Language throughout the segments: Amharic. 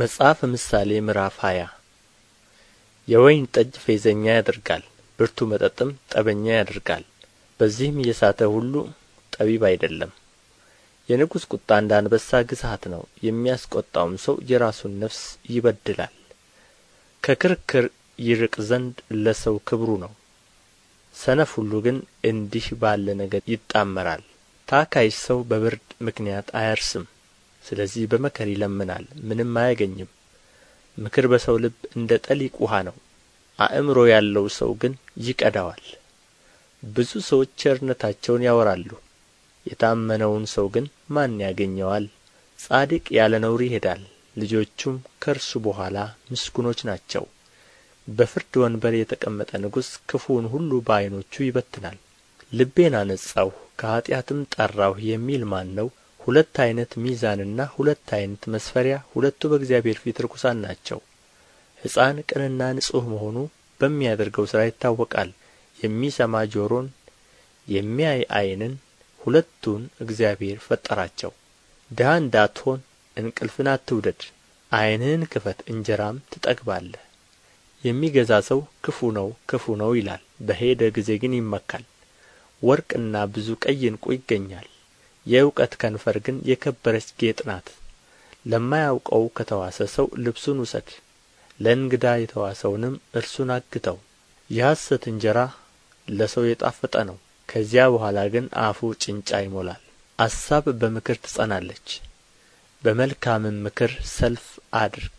መጽሐፈ ምሳሌ ምዕራፍ ሃያ የወይን ጠጅ ፌዘኛ ያደርጋል ብርቱ መጠጥም ጠበኛ ያደርጋል በዚህም የሳተ ሁሉ ጠቢብ አይደለም የንጉሥ ቁጣ እንደ አንበሳ ግዛት ነው የሚያስቆጣውም ሰው የራሱን ነፍስ ይበድላል ከክርክር ይርቅ ዘንድ ለሰው ክብሩ ነው ሰነፍ ሁሉ ግን እንዲህ ባለ ነገር ይጣመራል ታካይ ሰው በብርድ ምክንያት አያርስም ስለዚህ በመከር ይለምናል ምንም አያገኝም ምክር በሰው ልብ እንደ ጠሊቅ ውሃ ነው አእምሮ ያለው ሰው ግን ይቀዳዋል ብዙ ሰዎች ቸርነታቸውን ያወራሉ የታመነውን ሰው ግን ማን ያገኘዋል ጻድቅ ያለ ነውር ይሄዳል ልጆቹም ከእርሱ በኋላ ምስጉኖች ናቸው በፍርድ ወንበር የተቀመጠ ንጉሥ ክፉውን ሁሉ በዐይኖቹ ይበትናል ልቤን አነጻሁ ከኀጢአትም ጠራሁ የሚል ማን ነው ሁለት አይነት ሚዛንና ሁለት አይነት መስፈሪያ ሁለቱ በእግዚአብሔር ፊት ርኩሳን ናቸው ሕፃን ቅንና ንጹሕ መሆኑ በሚያደርገው ሥራ ይታወቃል የሚሰማ ጆሮን የሚያይ አይንን ሁለቱን እግዚአብሔር ፈጠራቸው ድሀ እንዳትሆን እንቅልፍን አትውደድ ዓይንህን ክፈት እንጀራም ትጠግባለህ የሚገዛ ሰው ክፉ ነው ክፉ ነው ይላል በሄደ ጊዜ ግን ይመካል ወርቅና ብዙ ቀይ ዕንቁ ይገኛል የእውቀት ከንፈር ግን የከበረች ጌጥ ናት። ለማያውቀው ከተዋሰ ሰው ልብሱን ውሰድ፣ ለእንግዳ የተዋሰውንም እርሱን አግተው። የሐሰት እንጀራ ለሰው የጣፈጠ ነው፣ ከዚያ በኋላ ግን አፉ ጭንጫ ይሞላል። አሳብ በምክር ትጸናለች፣ በመልካምም ምክር ሰልፍ አድርግ።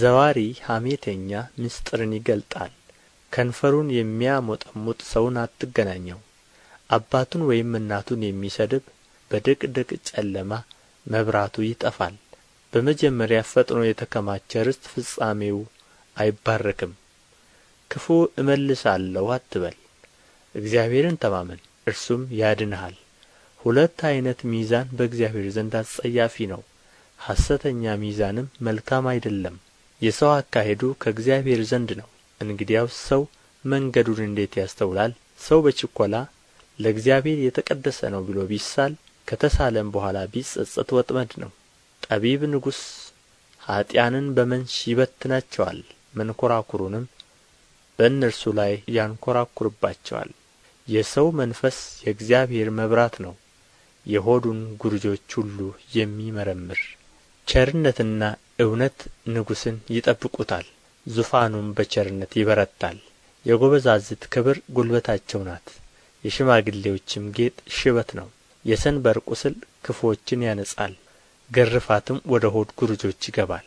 ዘዋሪ ሐሜተኛ ምስጢርን ይገልጣል፣ ከንፈሩን የሚያሞጠሙጥ ሰውን አትገናኘው። አባቱን ወይም እናቱን የሚሰድብ በድቅድቅ ጨለማ መብራቱ ይጠፋል። በመጀመሪያ ፈጥኖ የተከማቸ ርስት ፍጻሜው አይባረክም። ክፉ እመልሳለሁ አትበል፣ እግዚአብሔርን ተማመን እርሱም ያድንሃል። ሁለት አይነት ሚዛን በእግዚአብሔር ዘንድ አስጸያፊ ነው፣ ሐሰተኛ ሚዛንም መልካም አይደለም። የሰው አካሄዱ ከእግዚአብሔር ዘንድ ነው። እንግዲያው ሰው መንገዱን እንዴት ያስተውላል? ሰው በችኰላ ለእግዚአብሔር የተቀደሰ ነው ብሎ ቢሳል ከተሳለም በኋላ ቢጸጸት ወጥመድ ነው ጠቢብ ንጉሥ ኀጥኣንን በመንሽ ይበትናቸዋል መንኰራኵሩንም በእነርሱ ላይ ያንኰራኵርባቸዋል የሰው መንፈስ የእግዚአብሔር መብራት ነው የሆዱን ጉርጆች ሁሉ የሚመረምር ቸርነትና እውነት ንጉሥን ይጠብቁታል ዙፋኑም በቸርነት ይበረታል የጐበዛዝት ክብር ጒልበታቸው ናት የሽማግሌዎችም ጌጥ ሽበት ነው የሰንበር ቍስል ክፉዎችን ያነጻል ግርፋትም ወደ ሆድ ጕርጆች ይገባል